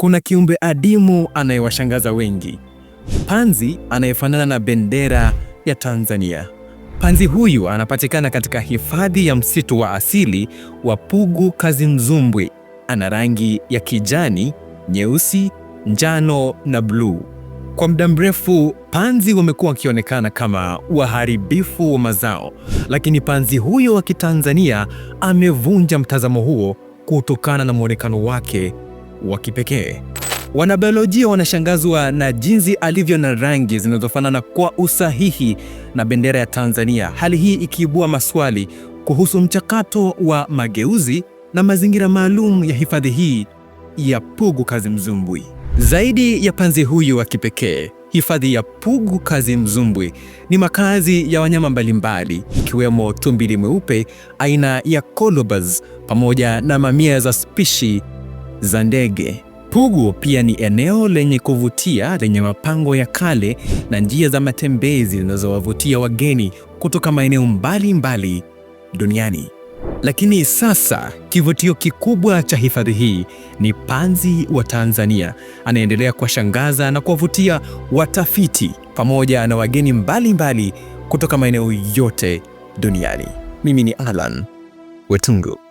Kuna kiumbe adimu anayewashangaza wengi, panzi anayefanana na bendera ya Tanzania. Panzi huyu anapatikana katika hifadhi ya msitu wa asili wa Pugu Kazimzumbwi. Ana rangi ya kijani, nyeusi, njano na bluu. Kwa muda mrefu panzi wamekuwa wakionekana kama waharibifu wa mazao, lakini panzi huyo wa Kitanzania amevunja mtazamo huo kutokana na mwonekano wake wa kipekee. Wanabiolojia wanashangazwa na jinsi alivyo na rangi zinazofanana kwa usahihi na bendera ya Tanzania, hali hii ikiibua maswali kuhusu mchakato wa mageuzi na mazingira maalum ya hifadhi hii ya Pugu Kazi Mzumbwi. Zaidi ya panzi huyu wa kipekee, hifadhi ya Pugu Kazi Mzumbwi ni makazi ya wanyama mbalimbali ikiwemo tumbili mweupe aina ya colobus pamoja na mamia za spishi za ndege. Pugu pia ni eneo lenye kuvutia lenye mapango ya kale na njia za matembezi zinazowavutia wageni kutoka maeneo mbalimbali duniani. Lakini sasa kivutio kikubwa cha hifadhi hii ni panzi wa Tanzania anaendelea kuwashangaza na kuwavutia watafiti pamoja na wageni mbalimbali mbali kutoka maeneo yote duniani. Mimi ni Alan Wetungu.